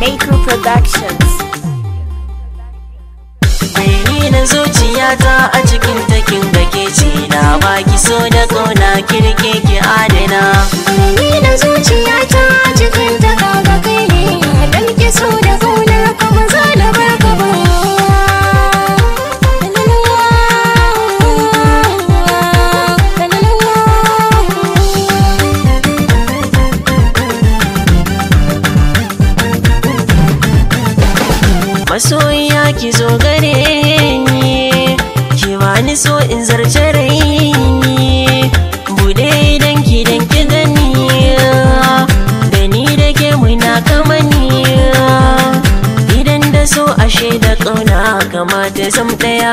Maker Productions. na zuchi ki zo gare ni ki bani so in zarce raini bude idan ki dan ki gani da ni da ke kama ni idan da so ashe da kauna kamata zam daya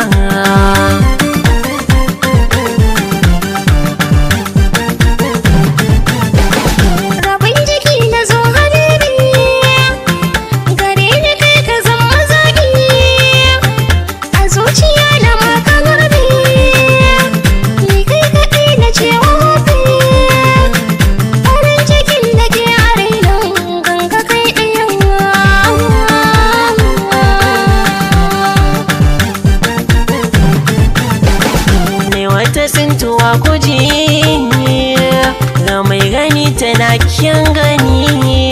tsintuwa kuji ga mai gani tana kyan gani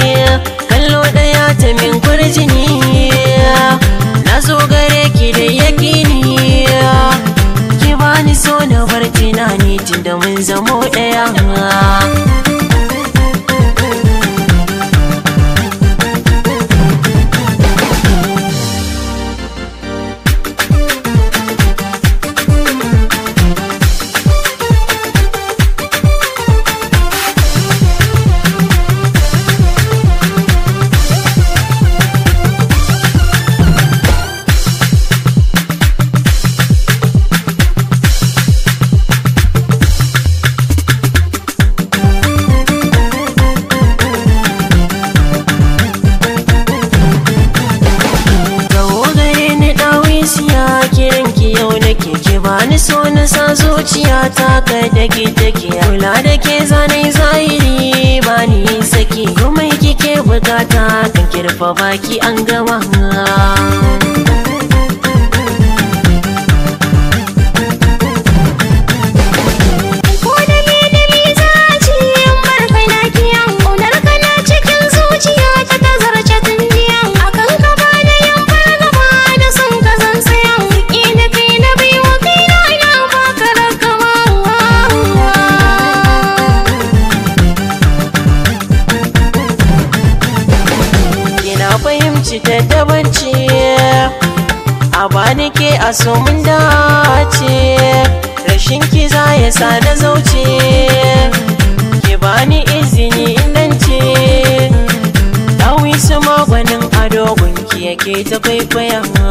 kallo ɗaya ta min kurjini na zo gare ki da yakini ki bani so na bar tunani tunda mun zamo ɗaya da ke bani so na sa zuciya ta kai da ke kula da ke zanai zahiri bani saki kuma kike bukata kan kirfa baki an gama ci da dabanci a bani ke a so mun dace rashin ki za ya sa na zauce ki bani izini nan ce dawi su maganin ado gunki yake ta kwaikwaya.